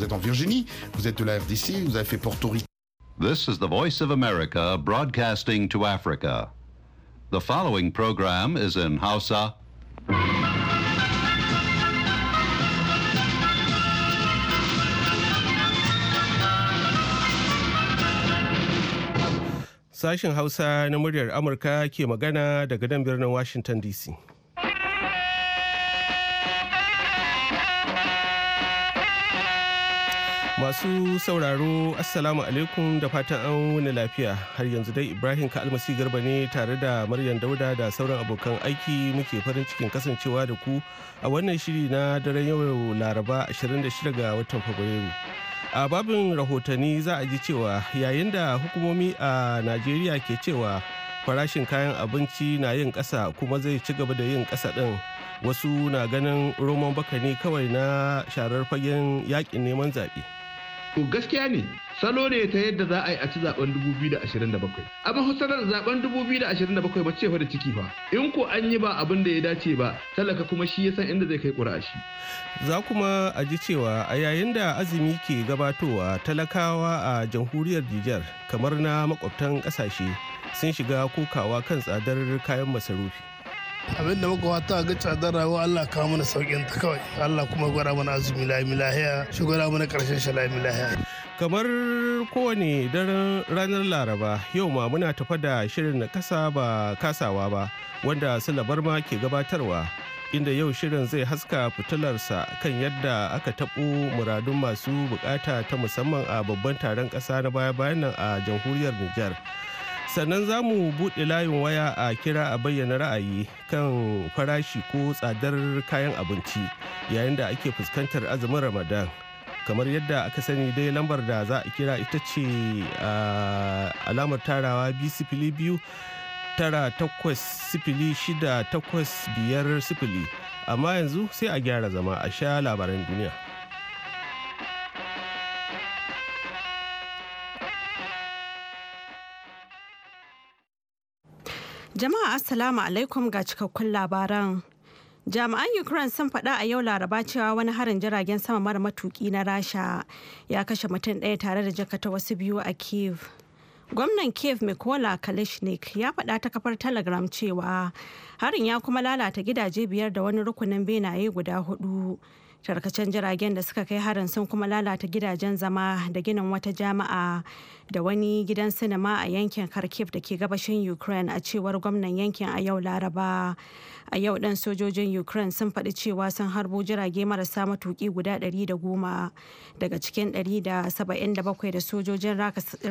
vous êtes en Virginie, vous êtes de la RDC, vous avez fait Porto Rico. This is the voice of America broadcasting to Africa. The following program is in Hausa. Sashen Hausa na muryar Amurka ke magana daga nan birnin Washington DC. Masu sauraro Assalamu alaikum da fatan an wani lafiya har yanzu dai Ibrahim Kalmasi Garba ne tare da Maryam Dauda da sauran abokan aiki muke farin cikin kasancewa da ku a wannan shiri na daren yau Laraba 26 ga watan Fabrairu. A babin rahotanni za a ji cewa yayin da hukumomi a Najeriya ke cewa farashin kayan abinci na yin ƙasa kuma zai ci gaba da yin ƙasa ɗin. Wasu na ganin roman baka ne kawai na sharar fagen yaƙin neman zaɓe. To gaskiya ne salo ne ta yadda za a yi a ci zaben 2027. Amma hussarar zaben 2027 ba ce da ciki fa. In ko an yi ba abin da ya dace ba, talaka kuma shi ya san inda zai kai ƙura shi. Za kuma a ji cewa a yayin da azumi ke gabatowa talakawa a jamhuriyar Nijar kamar na makwabtan ƙasashe sun shiga kokawa kan tsadar kayan masarufi. abin da muka wata ga tsadar rayuwa Allah kawo mana saukin ta kawai Allah kuma gwada mana azumi lami lahiya shi gwada mana karshen shi lami lahiya kamar kowane daren ranar laraba yau ma muna tafa da shirin na kasa ba kasawa ba wanda sula barma ke gabatarwa inda yau shirin zai haska fitilarsa kan yadda aka taɓo muradun masu bukata ta musamman a babban taron ƙasa na baya-bayan nan a jamhuriyar Nijar. sannan za mu buɗe layin waya a kira a bayyana ra'ayi kan farashi ko tsadar kayan abinci yayin da ake fuskantar azumin ramadan kamar yadda aka sani dai lambar da za a kira ita ce alamar tarawa sifili biyu tara takwas sifili shida takwas biyar sifili amma yanzu sai a gyara zama a sha labaran duniya. Jama'a Assalamu alaikum ga cikakkun labaran. Jami'an Ukraine sun faɗa a yau Laraba cewa wani harin jiragen sama mara matuki na Rasha ya kashe mutum ɗaya tare da jakata wasu biyu a Kiev. gwamnan kiev mikola kalishnik ya faɗa ta kafar telegram cewa harin ya kuma lalata gidaje biyar da wani rukunin benaye guda hudu tarkacen jiragen da suka kai harin sun kuma lalata gidajen zama da ginin wata jama'a da wani gidan sinima a yankin kharkiv da ke gabashin ukraine a cewar gwamnan yankin a yau laraba a yau ɗan sojojin ukraine sun faɗi cewa sun harbo jirage marasa matuƙi guda 110 daga cikin 177 da sojojin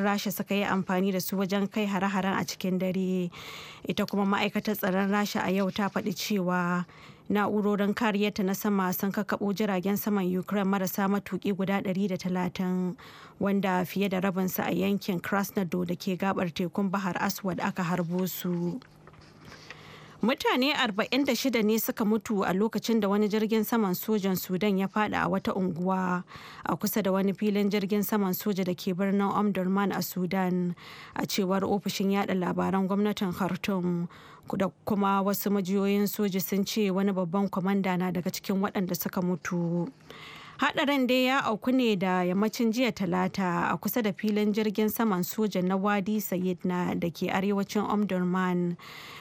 rasha suka yi amfani da su wajen kai hare-haren a cikin dare ita kuma ma'aikatar tsaron rasha a yau ta faɗi cewa na'urorin kariyarta na sama sun kakabo jiragen saman ukraine marasa matuki guda 130 wanda fiye da rabinsa a yankin krasnodar da ke gabar tekun bahar aswad aka harbo su Mutane 46 ne suka mutu a lokacin da wani jirgin saman sojan Sudan ya fada a wata unguwa a kusa da wani filin jirgin saman soja da ke birnin Omdurman a Sudan a cewar ofishin yada labaran gwamnatin Khartoum da kuma wasu majiyoyin soji sun ce wani babban kwamanda na daga cikin waɗanda suka mutu. Hadarin dai ya auku ne da yammacin jiya talata a kusa da filin jirgin saman soja na Wadi na da ke arewacin Omdurman.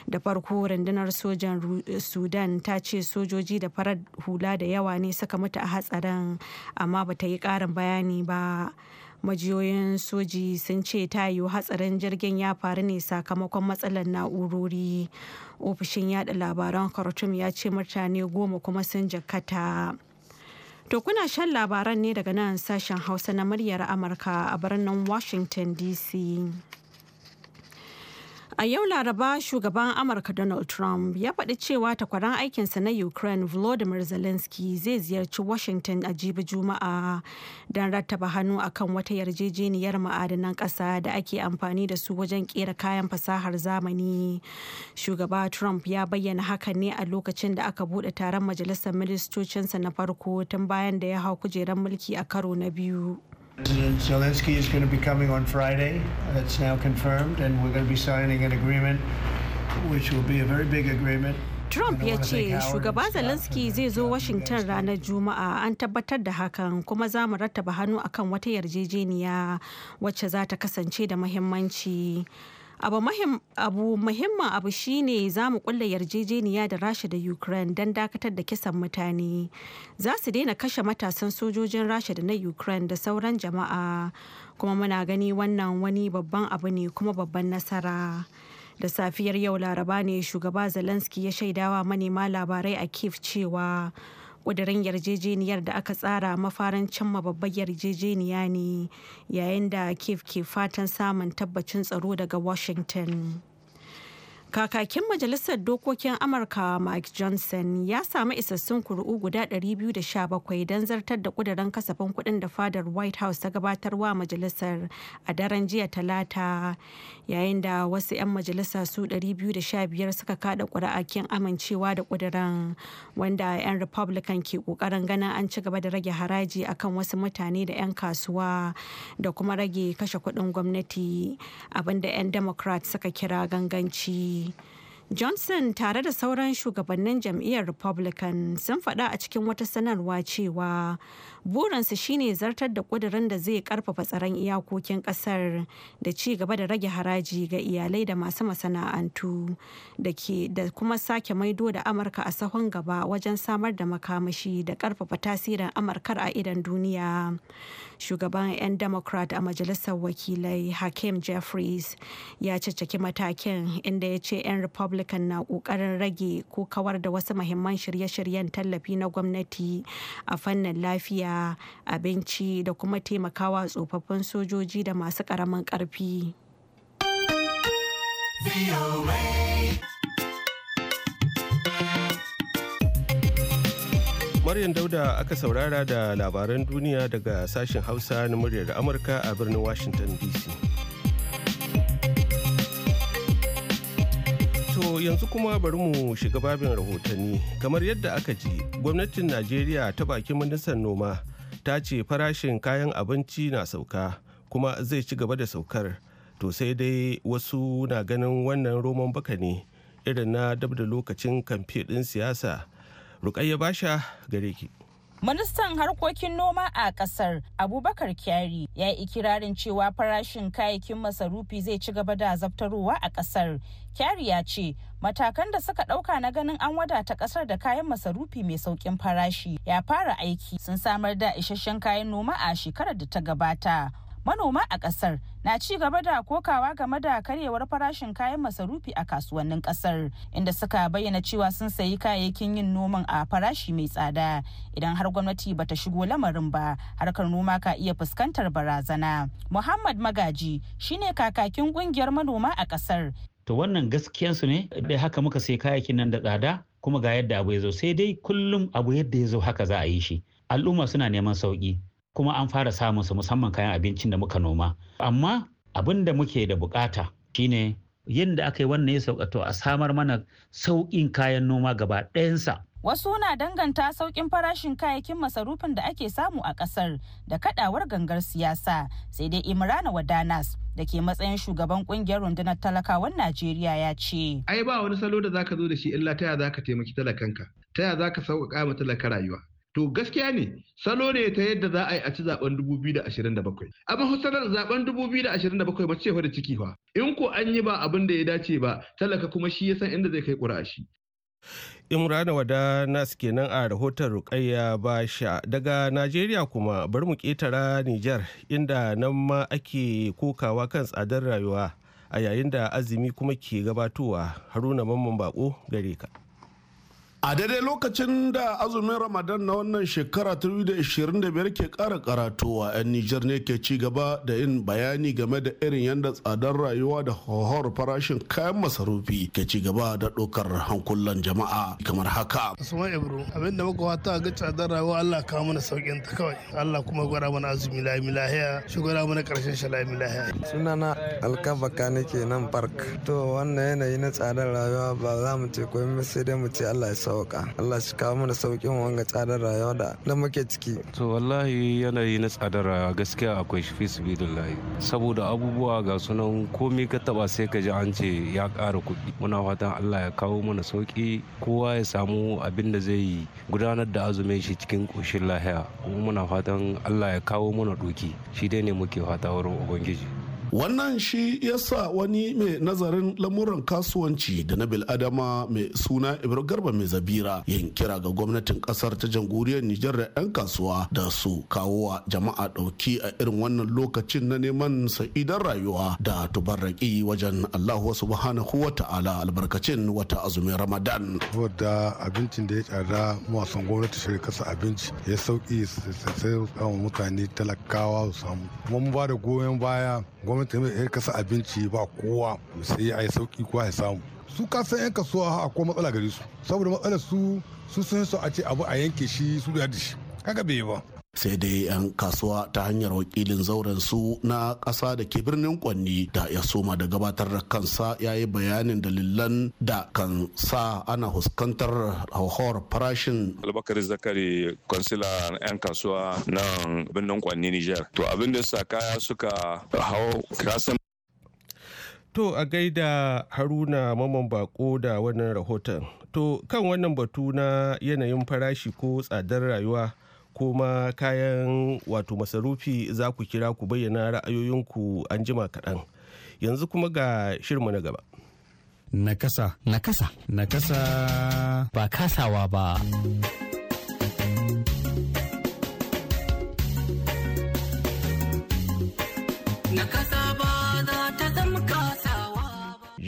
Da farko rundunar sojan Sudan ta ce sojoji da farar hula da yawa ne suka mutu a hatsarin amma ba ta yi karin bayani ba. majiyoyin soji sun ce ta yiwu hatsarin jirgin ya faru ne sakamakon matsalar na'urori ofishin yada labaran khartoum ya ce mutane goma kuma sun jakata. To kuna shan labaran ne daga nan sashen Hausa na muryar Amurka a birnin Washington DC. A yau Laraba shugaban Amurka Donald Trump ya faɗi cewa takwaran aikinsa na Ukraine Volodymyr Zelensky zai ziyarci Washington a jibi Juma'a don rattaba hannu akan wata yarjejeniyar ma'adanan ƙasa da ake amfani da su wajen ƙera kayan fasahar zamani. Shugaba Trump ya bayyana hakan ne a lokacin da aka buɗe taron majalisar ministocinsa na farko tun bayan da ya hau kujerar mulki a karo na biyu. President Zelensky is going to be coming on Friday. That's now confirmed, and we're going to be signing an agreement, which will be a very big agreement. Trump ya ce shugaba Zelensky zai zo Washington ranar Juma'a an tabbatar da hakan kuma za mu rattaba hannu akan wata yarjejeniya wacce za ta kasance da muhimmanci. abu muhimmin abu shine za mu kulle yarjejeniya da rasha da ukraine don dakatar da kisan mutane za su daina kashe matasan sojojin rasha da na ukraine da sauran jama'a kuma muna gani wannan wani babban abu ne kuma babban nasara da safiyar yau laraba ne shugaba zelensky ya shaidawa manema labarai a kiev cewa ƙudurin yarjejeniyar da aka tsara mafarin cimma babbar yarjejeniya ne yayin da kef ke fatan samun tabbacin tsaro daga washington Kakakin Majalisar Dokokin Amurka Mike Johnson ya samu isassun kuri'u guda 217 don zartar da kudirin kasafin kudin da fadar White House ta gabatarwa majalisar a daren jiya talata yayin da wasu 'yan majalisa su 215 suka kada kuri'akin amincewa da kudirin wanda 'yan Republican ke kokarin ganin an ci gaba da rage haraji akan wasu mutane da 'yan kasuwa da kuma rage kashe kudin gwamnati abinda 'yan Democrat suka kira ganganci. yi johnson tare da sauran shugabannin jam'iyyar republican sun faɗa a cikin wata sanarwa cewa burinsa shine zartar da kudirin da zai karfafa tsaron iyakokin kasar da ci gaba da rage haraji ga iyalai da masu masana'antu da ke da kuma sake maido da amurka a sahun gaba wajen samar da makamashi da karfafa tasirin amurkar a idan duniya shugaban 'yan democrat a majalisar wakilai hakim jeffries ya caccaki matakin inda ya ce 'yan republican na kokarin rage ko kawar da wasu mahimman shirye-shiryen tallafi na gwamnati a fannin lafiya da abinci da kuma taimakawa tsofaffin sojoji da masu ƙaramin ƙarfi. Maryam Dauda aka saurara da labaran duniya daga sashen Hausa na muryar Amurka a birnin Washington DC. yanzu kuma bari mu shiga babin rahotanni. Kamar yadda aka ji, gwamnatin Najeriya ta bakin ministan noma ta ce farashin kayan abinci na sauka kuma zai ci gaba da saukar. To sai dai wasu na ganin wannan roman baka ne irin na dab da lokacin kamfe ɗin siyasa. Rukayya Basha gare ki. Ministan harkokin noma a kasar Abubakar Kyari ya yi ikirarin cewa farashin kayayyakin masarufi zai ci gaba da zaftarowa a kasar. Kyari ya ce matakan da suka ɗauka na ganin an wadata kasar da kayan masarufi mai sauƙin farashi ya fara aiki sun samar da isasshen kayan noma a shekarar da ta gabata. manoma a kasar na ci gaba da kokawa game da karyewar farashin kayan masarufi a kasuwannin kasar inda suka bayyana cewa sun sayi kayayyakin yin noman a farashi mai tsada idan har gwamnati bata shigo lamarin ba harkar noma ka iya fuskantar barazana muhammad magaji shine kakakin kungiyar manoma a kasar to wannan su ne da haka muka sai kayayyakin nan da tsada kuma ga yadda abu ya zo sai dai kullum abu yadda ya zo haka za a yi shi al'umma suna neman sauki kuma an fara samun su musamman kayan abincin da muka noma amma abin da muke da bukata shine da aka yi wannan ya sauƙato a samar mana sauƙin kayan noma gaba ɗayansa Wasu na danganta sauƙin farashin kayayyakin masarufin da ake samu a ƙasar da kaɗawar gangar siyasa sai dai Imrana Wadanas da ke matsayin shugaban ƙungiyar rundunar talakawan Najeriya ya ce. Ai ba wani salo da zaka zo da shi illa taya zaka taimaki talakanka, taya zaka sauƙaƙa ma talaka rayuwa. To gaskiya ne salo ne ta yadda za a yi a ci zaben 2027. Amma hussarar zaben 2027 ba ce fa da ciki fa. In ko an yi ba abin da ya dace ba talaka kuma shi ya san inda zai kai ƙura shi. Imrana Wada Nas kenan a rahoton Rukayya sha, daga Najeriya kuma bari mu ƙetara Nijar inda nan ma ake kokawa kan tsadar rayuwa a yayin da azumi kuma ke gabatowa Haruna Mamman Bako gare ka. a daidai lokacin da azumin ramadan na wannan shekara 2025 ke kara karatowa 'yan nijar ne ke ci gaba da yin bayani game da irin yadda tsadar rayuwa da hauhawar farashin kayan masarufi ke ci gaba da ɗaukar hankulan jama'a kamar haka asuma ibro abin da muka wata ga tsadar rayuwa allah kawo mana saukin ta kawai allah kuma gwada mana azumi lami lahiya shi gwada mana karshen shi lami lahiya sunana alkabaka nake nan park to wannan yanayi na tsadar rayuwa ba za mu ce ko komai sai dai mu ce allah ya sauka Allah shi kawo mana saukin wanga tsadar rayuwa da da muke ciki to wallahi yanayi na tsadar rayuwa gaskiya akwai shi fisbillahi saboda abubuwa ga sunan komai ka taba sai ka ji an ce ya ƙara kuɗi muna fatan Allah ya kawo mana sauki kowa ya samu abin da zai yi gudanar da azumin shi cikin ƙoshin lahiya kuma muna fatan Allah ya kawo mana doki shi dai ne muke fata wurin ubangiji wannan shi yasa wani mai nazarin lamuran kasuwanci da na bil'adama mai suna ibrahim garba mai zabira yin kira ga gwamnatin kasar ta jamhuriyar nijar da 'yan kasuwa da su kawo wa jama'a ɗauki a irin wannan lokacin na neman sa'idar rayuwa da tubarraki wajen allahu subhanahu wa ta'ala albarkacin wata azumin ramadan saboda abincin da ya tsada mawasan gwamnati shirin kasa abinci ya sauki sai mutane talakawa su samu kuma mu ba da goyon baya gwamnati ne ya kasa abinci ba kowa sai ya yi sauki kowa ya samu su ka san yan kasuwa akwai matsala gare su saboda matsalar su su sun so a ce abu a yanke shi su da shi kaga bai ba sai dai 'yan kasuwa ta hanyar wakilin zauren su na ƙasa da ke birnin kwanni da ya soma da gabatar da kansa ya yi bayanin dalilan da kan sa ana huskantar hauhawar farashin albakar zakari kwansila 'yan kasuwa na birnin kwanni niger to abin da sa kaya suka hau kasan To a gaida Haruna Maman Bako da wannan rahoton. To kan wannan batu na yanayin farashi ko tsadar rayuwa kuma kayan wato masarufi za ku kira ku bayyana ra'ayoyinku an jima kaɗan yanzu kuma ga shirma na gaba nakasa nakasa nakasa ba kasawa ba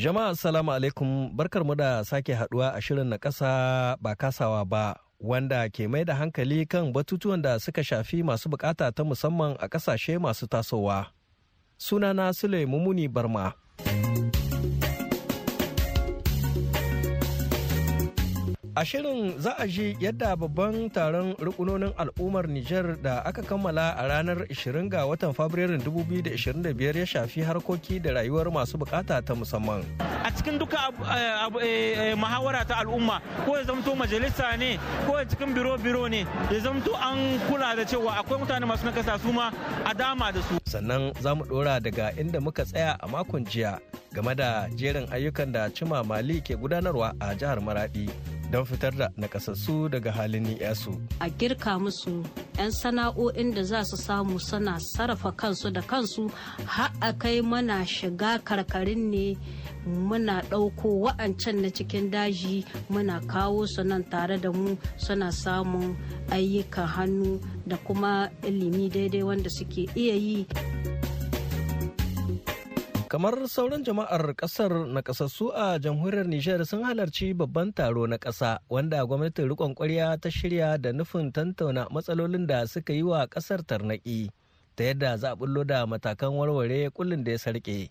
Jama'a salamu alaikum barkar mu da sake haduwa a shirin na kasa ba kasawa ba wanda ke mai da hankali kan batutuwan da suka shafi masu bukata ta musamman a kasashe masu tasowa. Sunana Sule Mumuni Barma. A shirin za a ji yadda babban taron rukunonin al'ummar Nijar da aka kammala a ranar 20 ga watan Fabrairun 2025 ya shafi harkoki da rayuwar masu bukata ta musamman. A cikin duka eh, eh, eh, muhawara ta al'umma ko ya zamto majalisa ne ko ya cikin biro-biro ne ya zamto an kula da cewa akwai mutane masu nakasa su ma a dama da su. Sannan za mu ɗora daga inda muka tsaya a makon jiya game da jerin ayyukan da Cima Mali ke gudanarwa a jihar Maradi. don fitar da nakasassu daga halin yasu A girka musu 'yan sana'o'in da za su samu suna sarrafa kansu da kansu har kai mana shiga karkarin ne muna ɗauko wa'ancan na cikin daji muna kawo su nan tare da mu suna samun ayyukan hannu da kuma ilimi daidai wanda suke iya yi. kamar sauran jama'ar kasar na kasassu a jamhuriyar nijar sun halarci babban taro na ƙasa wanda gwamnatin rikon ƙwarya ta shirya da nufin tantauna matsalolin da suka yi wa ƙasar tarnaƙi ta yadda za a bullo da matakan warware kullum da ya sarƙe.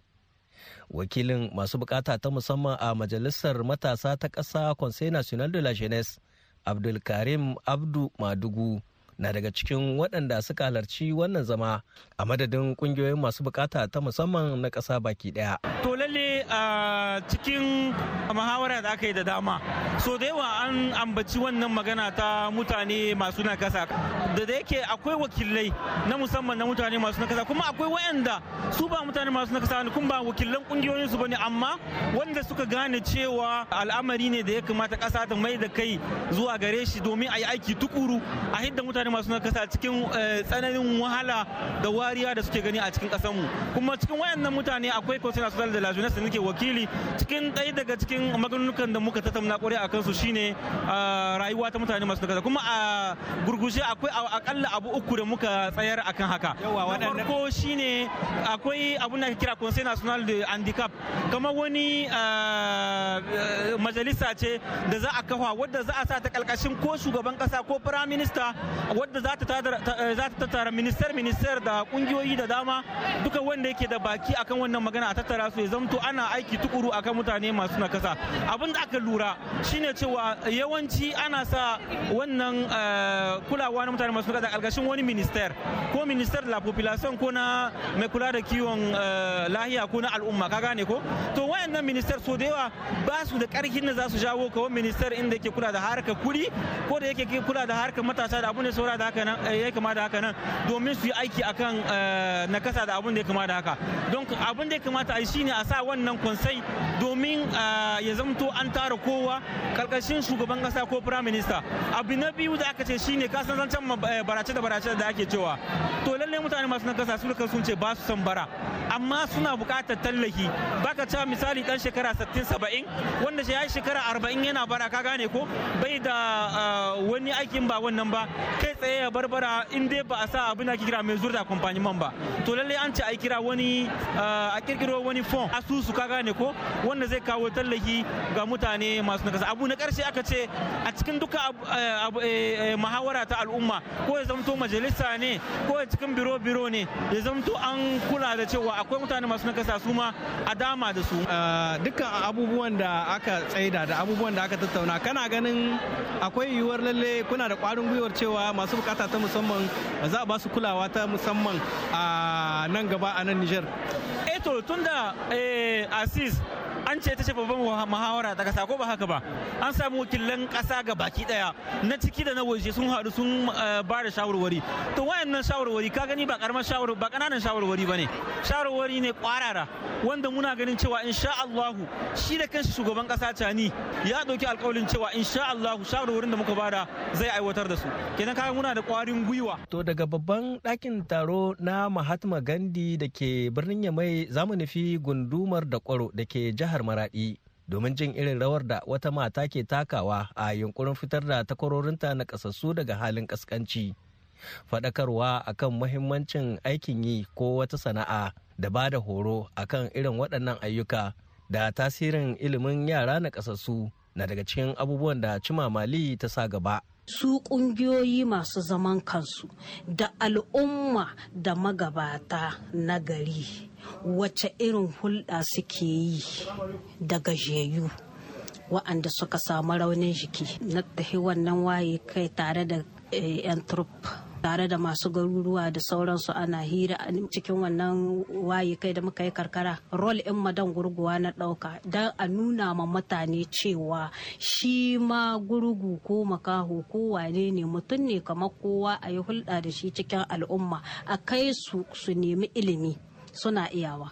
wakilin masu buƙata ta musamman a majalisar matasa ta ƙasa conseil national de la jeunesse abdulkarim abdu madugu na daga cikin waɗanda suka halarci wannan zama a madadin ƙungiyoyin masu bukata ta musamman na ƙasa baki ɗaya. To lalle a cikin muhawara da aka yi da dama. So da yawa an ambaci wannan magana ta mutane masu ƙasa. Da da yake akwai wakilai na musamman na mutane masu ƙasa kuma akwai waɗanda su ba mutane masu ƙasa ne kuma ba wakilan ƙungiyoyin su bane amma wanda suka gane cewa al'amari ne da ya kamata ƙasa ta mai da kai zuwa gare shi domin a yi aiki tukuru a hidda mutane mutane masu nakasa cikin eh, tsananin wahala da wariya da suke gani a cikin mu kuma cikin wayannan mutane akwai kwasina social da lajunas da nake wakili cikin ɗaya daga cikin maganunukan da muka tattauna kwarai a kansu shine ah, rayuwa ta mutane masu nakasa kuma a gurgushe akwai akalla abu uku da muka tsayar akan haka na farko shine akwai abu na kira conseil national de handicap kamar wani ah, eh, majalisa ce da za a kafa wadda za a sa ta kalkashin ko shugaban kasa ko firaminista wadda eh, za ta tattara minister minister da kungiyoyi da dama duka wanda yake da baki akan wannan magana a tattara su ya zamto ana aiki tukuru akan mutane masu nakasa abin da aka lura shine cewa yawanci ana sa wannan eh, kulawa na mutane masu nakasa ƙarƙashin wani minister ko minister la population ko na mai kula da kiwon eh, lahiya ko na al'umma ka gane ko to wayannan minister so da yawa ba su da ƙarfin da za su jawo kawai minister inda yake kula da harkar kuri ko da yake kula da harkar matasa da abu ne sauran kura da haka nan eh, ya kama da haka nan domin su yi aiki akan eh, nakasa da abin da ya kama da haka don abin da ya kamata a yi shine a sa wannan kwansai domin eh, ya zamto an tara kowa karkashin shugaban kasa ko prime minister abu na biyu da aka ce shine kasan zancen barace da barace da ake cewa to lallai mutane masu nakasa su sun ce ba su san bara amma suna buƙatar tallafi baka cewa misali dan shekara 60 70 wanda ya shekara 40 yana bara ka gane ko bai da ah, wani aikin ba wannan ba kai tsaye ya barbara in dai ba a sa abin da ake kira mai zurda kamfani man ba to lalle an ce a kira wani ah, a kirkiro wani fon asusu ka gane ko wanda zai kawo tallafi ga mutane masu nakasa abu na karshe aka ce a cikin duka eh, eh, eh, muhawara ta al'umma ko ya zamto majalisa ne ko ya cikin biro biro ne ya zamto an kula da cewa akwai mutane masu nakasa su ma a dama da su ah, dukkan abubuwan da aka tsaida da abubuwan da aka tattauna kana ganin akwai yiwuwar lalle kuna da kwarin gwiwar cewa masu bukata ta musamman za a ba su kulawa ta musamman a nan gaba a nan Nijar. Eto eh tunda eh, Asis an ce ta ce babban muhawara daga sako ba haka ba an samu wakilan kasa ga baki daya na ciki da na waje sun haɗu sun eh, ba da shawarwari to wayannan shawarwari ka gani ba karamar shawar ba kananan shawarwari bane shawarwari ne kwarara wanda muna ganin cewa insha Allah shi da kanshi shugaban kasa cani ya dauki alƙawarin cewa insha Allah shawarwarin da muka bada zai aiwatar da su kenan ka muna da kwarin gwiwa to daga babban ɗakin taro na Mahatma Gandhi da ke birnin Yamai zamu nufi gundumar da kwaro da ke jihar jihar Maradi domin jin irin rawar da wata mata ke takawa a yunkurin fitar da takwarorinta na kasassu daga halin kaskanci. Faɗakarwa akan muhimmancin aikin yi ko wata sana'a da ba da horo akan irin waɗannan ayyuka da tasirin ilimin yara na kasassu na daga cikin abubuwan da Cimamali ta sa gaba. su kungiyoyi masu zaman kansu da al'umma da magabata na gari wace irin hulɗa suke yi da gajeyu wa'anda suka samu raunin jiki na tahi wannan waye kai tare da 'yan eh, tare da masu garuruwa da sauransu ana hira cikin wannan waye kai da muka yi karkara rol in madan gurguwa na ɗauka don a nuna ma mutane cewa shi ma gurgu ko makaho ko wane ne mutum ne kamar kowa a yi hulɗa da shi cikin al'umma a kai su su nemi ilimi suna iyawa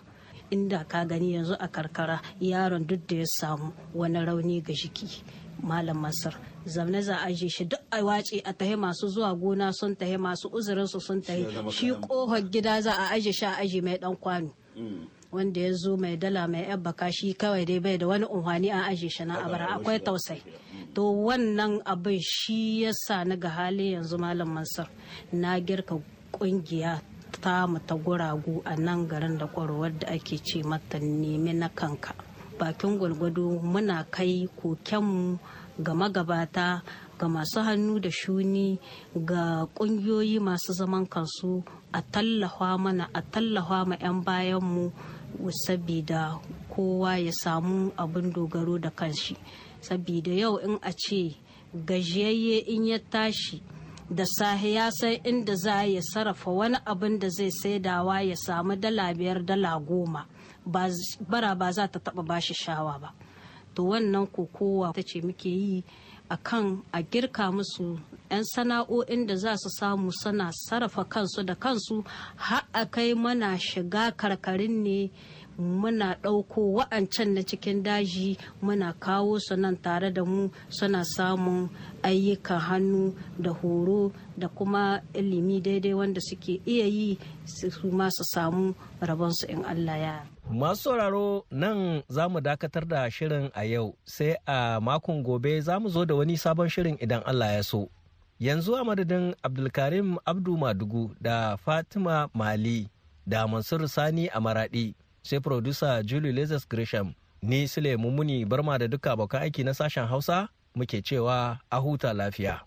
inda ka gani yanzu a karkara yaron duk da ya samu wani rauni ga jiki malam masar zamne za a shi duk a wace a tahi masu zuwa gona sun tahi masu uzurin su sun tahi shi kohar gida za a aje sha aji mai dan kwano mm. wanda ya zo mai dala mai yan baka shi kawai dai bai da wani unhwani a aje shi na abara akwai tausai mm. to wannan abin shi ya sa ni ga hali yanzu malam mansur na girka kungiya ta mu ta guragu a nan garin da kwarowar da ake ce mata nemi na kanka bakin gwalgwado muna kai kokenmu ga magabata ga masu hannu da shuni ga kungiyoyi masu zaman kansu a tallafa mana a tallafa ma 'yan bayanmu sabida kowa ya samu abin dogaro da kanshi sabida yau in a ce gajiyayye in ya tashi da sahi ya san inda za ya sarrafa wani abin da zai saidawa ya samu dala biyar dala goma bara ba za ta taba bashi shawa ba to wannan kokowa ta ce muke yi a kan a girka musu 'yan sana'o'in da za su samu sana sarrafa kansu da kansu har a kai mana shiga karkarin ne muna ɗauko wa'ancan na cikin daji muna kawo su nan tare da mu suna samun ayyukan hannu da horo da kuma ilimi daidai wanda suke iya yi su masu samu rabonsu in Allah ya. Masu sauraro nan za mu dakatar da shirin a yau sai a makon gobe za mu zo da wani sabon shirin idan Allah ya so. Yanzu a madadin Abdulkarim Abdu Madugu da Fatima Mali da Mansur Sani a Maraɗi. sai producer Julie Lazarus Gresham ni Sule mummuni Barma da duka abokan aiki na sashen Hausa muke cewa a huta lafiya.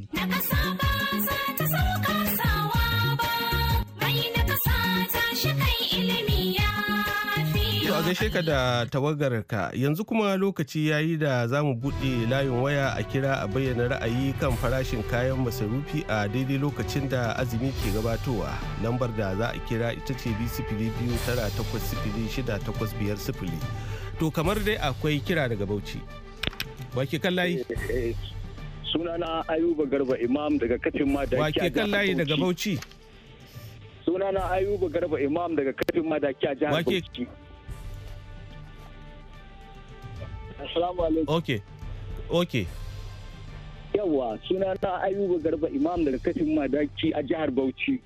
gaishe ka da tawagarka yanzu kuma lokaci ya yi da za mu buɗe layin waya a kira a bayyana ra'ayi kan farashin kayan masarufi a daidai lokacin da azumi ke gabatowa lambar da za a kira ita ce biyu tara takwas sifili shida takwas biyar sifili to kamar dai akwai kira daga bauchi wake kan layi sunana ayuba garba imam daga kacin ma da wake kan layi daga bauchi sunana ayuba garba imam daga kacin ma da a jihar bauchi Assalamu Yawwa suna na Ayuba Garba Imam daga kashin Madaki a jihar Bauchi.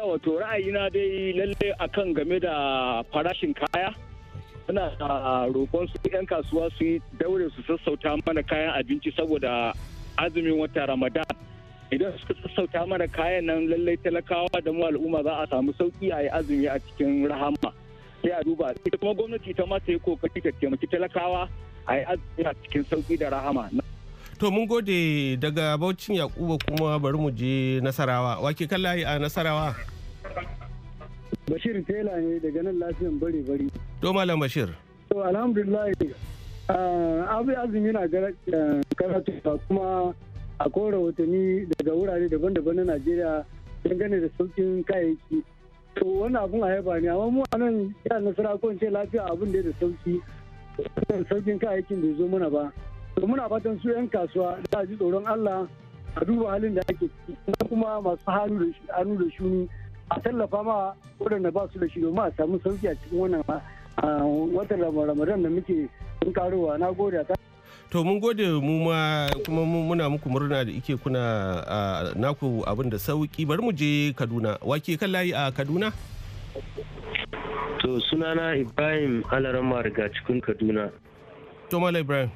Yawwa to na dai lalle akan game da farashin kaya. Suna da ah, roƙon su 'yan kasuwa su yi daure su sassauta mana kayan abinci saboda azumin wata Ramadan. idan suka sassauta mana kayan nan lallai talakawa da mu al'umma za a samu sauƙi a yi azumi a cikin rahama sai a duba ita kuma gwamnati ta mata yi kokari ta taimaki talakawa a yi azumi a cikin sauki da rahama to mun gode daga Bauchin Yakuba kuma bari mu je Nasarawa wake kan layi a Nasarawa Bashir Tela ne daga nan lafiyan bare bare to malam Bashir to alhamdulillah abu azumi na eh, karatu kuma akwai rahotanni daga wurare daban-daban na Najeriya dangane da sauƙin kayayyaki to wani abun a yaba ne amma mu a nan ya nasara ko ce lafiya abun da da sauki saukin kayayyakin bai zo mana ba to muna fatan su yan kasuwa da ji tsoron Allah a duba halin da ake ciki kuma masu hannu da shuni a tallafa ma waɗanda ba su da shi domin a samu sauki a cikin wannan watan ramadan da muke sun karowa na gode a to mun gode mu ma kuma muna muku murna da ike kuna naku abin da sauki bari mu je kaduna wake kan layi a kaduna to sunana ibrahim alarama ga cikin kaduna to ibrahim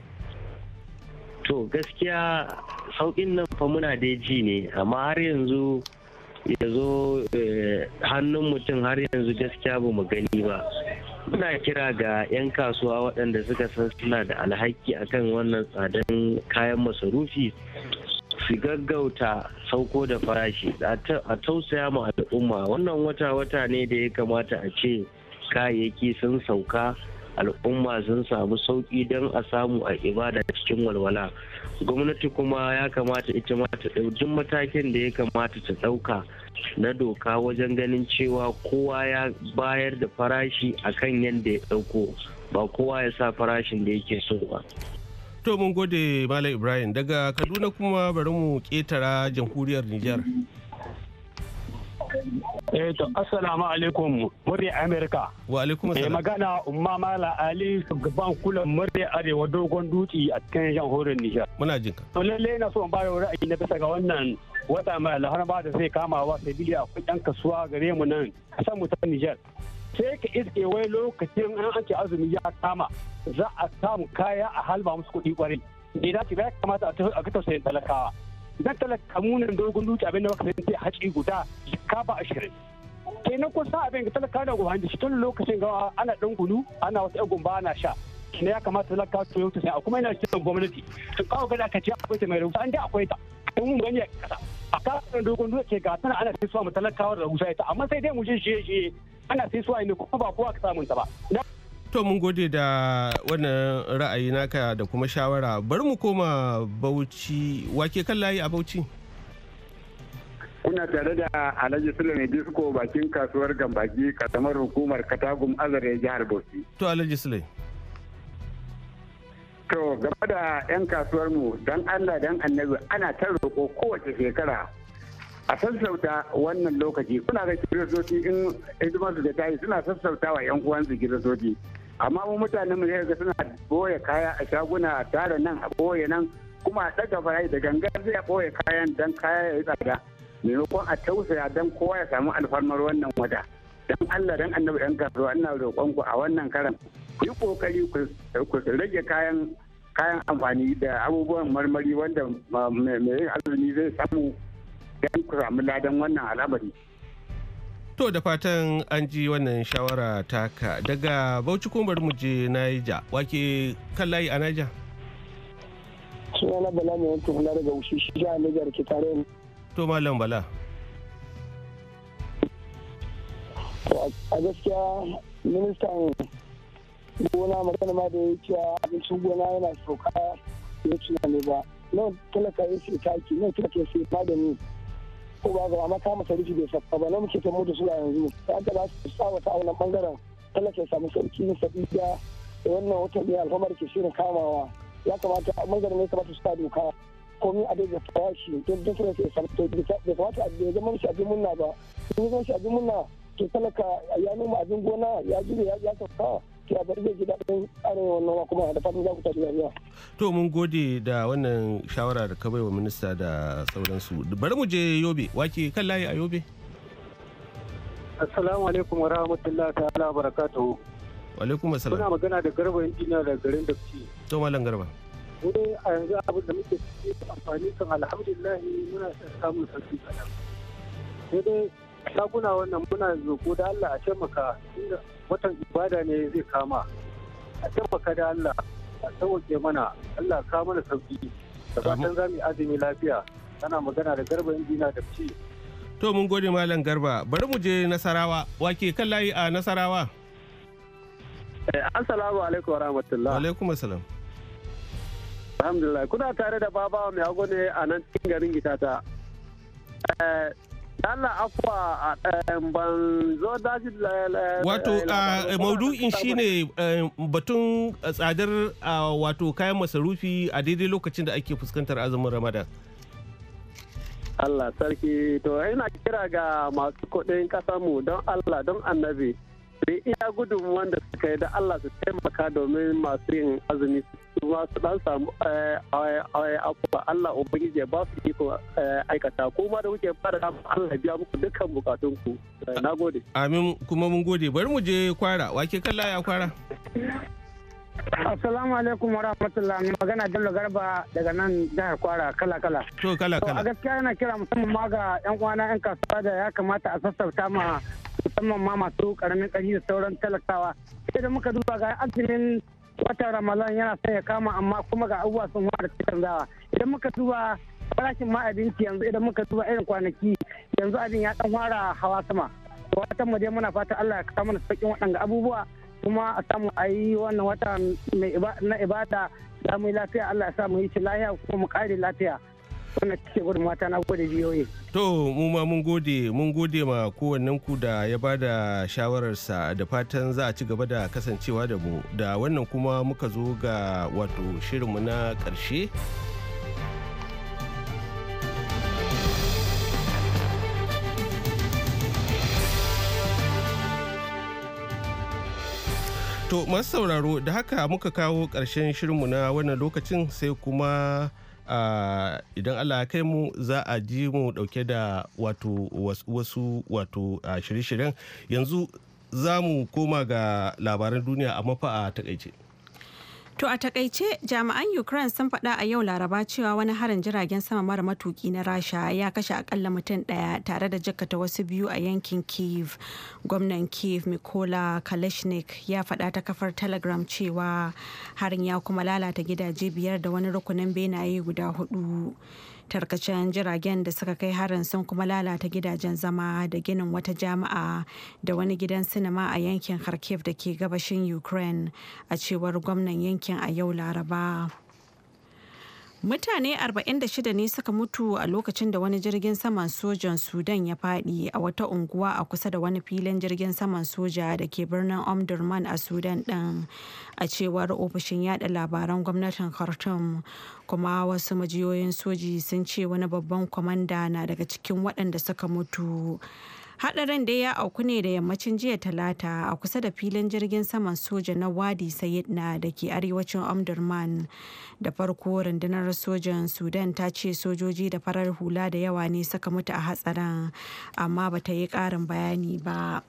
to gaskiya saukin nan fa muna da ji ne amma har yanzu ya zo eh, hannun mutum har yanzu gaskiya ba mu gani ba muna kira ga 'yan kasuwa waɗanda suka san suna da alhaki a kan wannan tsadan kayan masarufi su gaggauta sauko da farashi a tausaya mu al'umma wannan wata-wata ne da ya kamata a ce kayayyaki sun sauka al'umma sun samu sauƙi don a samu a ibada cikin walwala gwamnati kuma ya kamata ita ma ta ɗauki matakin da ya kamata ta ɗauka na doka wajen ganin cewa kowa ya bayar da farashi akan yadda ya dauko ba kowa ya sa farashin da yake so ba. To mun gode Malam Ibrahim daga Kaduna kuma bari mu ketara jamhuriyar Nijar. Eh to assalamu alaikum murya Amerika. Wa alaikum assalam. magana umma mala Ali shugaban kulan murya Arewa dogon dutse a cikin jamhuriyar Nijar. Muna jinka. To lalle na so in bayar ra'ayi na bisa ga wannan wata mai alhana ba da zai sai biya akwai yan kasuwa gare mu nan kasan mu ta Nijar. sai ka iske wai lokacin an ake azumi ya kama za a samu kaya a halba musu kuɗi kwarai ne da ki ya kamata a ka tausayin talakawa dan talaka munan dogon duki abin da baka san sai haci guda ba ashirin kenan ko sa abin talaka da gobe da shi tun lokacin gawa ana dan gulu ana wasu yan gumba ana sha Kina ya kamata talaka to yau ta sai kuma ina kiran gwamnati kawai ga da ka ce akwai ta mai rahusa an da akwai ta mun gani a kasa a kasuwan dogon doce ga tana ana sai suwa mu talakawa da rahusa ita amma sai dai mu je shiye-shiye ana sai suwa ne kuma ba kowa ka samu ta ba. To mun gode da wannan ra'ayi naka da kuma shawara bari mu koma Bauchi wake kan layi a Bauchi. Kuna tare da Alhaji Sule disko bakin kasuwar Gambaki kasamar hukumar Katagum Azare jihar Bauchi. To Alhaji Sule. To game da 'yan kasuwarmu don Allah don annabi ana ta roƙo kowace shekara a sassauta wannan lokaci kuna ga kiristoci in hidimar su da tayi suna sassauta wa 'yan uwansu kiristoci amma mu mutanen mu yanzu suna boye kaya a shaguna a tara nan a boye nan kuma a ɗaga farai da gangan zai boye kayan don kaya ya yi tsada maimakon a tausaya don kowa ya samu alfarmar wannan wata don Allah don annabi 'yan kasuwa ina roƙonku a wannan karan ku yi kokari ku rage kayan kayan amfani da abubuwan marmari wanda mai azumi zai samu don ku samu ladan wannan al'amari. To da fatan an ji wannan shawara taka daga Bauchi kuma bari mu je Naija wake kan layi a Naija. Sunana Bala mai wanke hula daga Ushi shi a Naija da ke tare To Malam Bala. A gaskiya ministan gona magana ma da ya cewa abincin gona yana sauka ya ne ba nan talaka ya ce taki nan talaka ya da magani ko ba ga amma kama sarki bai saba ba nan muke tamo da su a yanzu ta ga ba su sa wata wannan bangaren talaka ya samu sarki ne sabida da wannan wata ne alfamar ke shirin kamawa ya kamata a bangaren ne kamata su ta doka komi a daga farashi don don talaka ya samu sauki bai kamata a bai zama shi abin munna ba in zan shi abin munna to talaka ya noma abin gona ya jure ya sauka to zai ji wannan kuma to mun gode da wannan shawara da ka baiwa minista da sauransu bari mu je yobe wake kan layi a yobe. assalamu alaikum wa rahmatullahi ta'ala wa barakatuhu. wa alaikum assalam. kuna magana da garba injiniya da garin dabci. to malam garba. wurin eh, a yanzu abin da muke amfani kan alhamdulillah muna samun sauki kana. sai dai shaguna wannan muna zoko da Allah a taimaka inda watan ibada ne zai kama a taimaka da Allah a sauke mana Allah ka mana sauki da fatan za mu azumi lafiya ana magana da garba injina da ci to mun gode malam garba bari mu je nasarawa wake kan layi a nasarawa eh, assalamu alaikum wa rahmatullah alaikum assalam alhamdulillah kuna tare da babawa mai hagu ne a nan cikin garin gitata eh, Allah afuwa eh, ban zo daji eh, eh, Wato maudu'in shine batun tsadar ah, wato kayan masarufi a daidai lokacin da ake fuskantar azumin Ramadan. Allah sarki to ina kira ga masu kuɗin kasanmu don Allah don annabi sai iya gudun wanda suka yi da Allah su taimaka domin masu yin azumi su ma su dan samu eh, eh, eh, afuwa Allah ubangiji ba su iko aikata ko ma da kuke fara da Allah biya muku dukkan bukatun ku na gode amin kuma mun gode bari mu je kwara wake kalla ya kwara Assalamu alaikum wa rahmatullah mai magana Dallo Garba daga nan jihar Kwara kala kala. To kala kala. A gaskiya yana kira musamman ma ga yan uwana yan kasuwa da ya kamata a sassauta ma musamman ma masu karamin ƙari da sauran talakawa sai da muka duba ga azumin watan ramadan yana son ya kama amma kuma ga abubuwa sun fara canzawa idan muka duba farashin ma abinci yanzu idan muka duba irin kwanaki yanzu abin ya dan fara hawa sama watan mu dai muna fatan Allah ya kawo mana sauƙin waɗanda abubuwa kuma a samu a yi wannan wata na ibada za lafiya Allah ya samu mu yi shi lafiya kuma mu kare lafiya wannan take mata na gode biyoyi to mu ma mun gode mun gode ma kowannen ku da ya ba da shawararsa da fatan za a ci gaba da kasancewa da mu da wannan kuma muka zo ga wato shirinmu na ƙarshe To masu sauraro da haka muka kawo ƙarshen shirinmu na wannan lokacin sai kuma idan allah ya kai mu za a ji mu dauke da wato wasu wato shirye-shiryen yanzu za mu koma ga labaran duniya a mafa a takaice. To a takaice jami'an Ukraine sun faɗa a yau laraba cewa wani harin jiragen sama mara matuki na Rasha ya kashe akalla mutum ɗaya tare da jakkata wasu biyu a yankin Kiev. Gwamnan Kiev Mikola Kalashnik ya faɗa ta kafar Telegram cewa harin ya kuma lalata gidaje biyar da wani rukunin benaye guda hudu. tarkacen jiragen da suka kai harin sun kuma lalata gidajen zama da ginin wata jami'a da wani gidan sinima a yankin kharkiv da ke gabashin ukraine a cewar gwamnan yankin a yau laraba Mutane 46 ne suka mutu a lokacin da wani jirgin saman sojan Sudan ya fadi a wata unguwa a kusa da wani filin jirgin saman soja da ke birnin Omdurman a Sudan ɗin a cewar ofishin yada labaran gwamnatin Khartoum kuma wasu majiyoyin soji sun ce wani babban kwamanda na daga cikin waɗanda suka mutu. Hadarin da ya auku ne da yammacin jiya talata a kusa da filin jirgin saman soja na Wadi Sayidna da ke arewacin Omdurman. Da farko rundunar sojan Sudan ta ce sojoji da farar hula da yawa ne suka mutu a hatsarin amma bata yi karin bayani ba.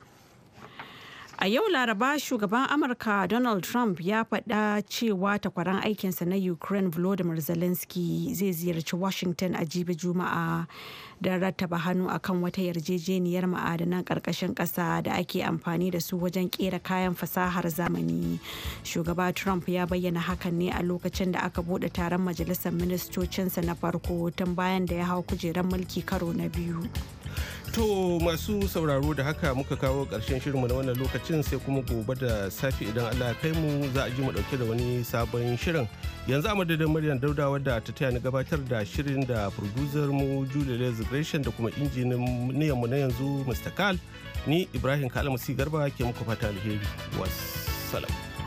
A yau Laraba shugaban Amurka Donald Trump ya faɗa cewa takwaran aikinsa na Ukraine Volodymyr Zelensky zai ziyarci Washington a jibi Juma'a don rattaba hannu a kan wata yarjejeniyar ma'adanan ƙarƙashin ƙasa da ake amfani da su wajen ƙera kayan fasahar zamani. Shugaba Trump ya bayyana hakan ne a lokacin da aka buɗe taron majalisar ministocinsa na farko tun bayan da ya hau kujerar mulki karo na biyu. To masu sauraro da haka muka kawo ƙarshen shirinmu na wannan lokacin sai kuma gobe da safe idan Allah kai mu za a ji mu ɗauke da wani sabon shirin. Yanzu a madadin Maryam Daudawa da ta taya ni gabatar da shirin da producer mu Julie Rezigration da kuma niyan mu na yanzu Mr. Kal ni Ibrahim Kalamusi Garba ke muku fata alheri. Wassalam.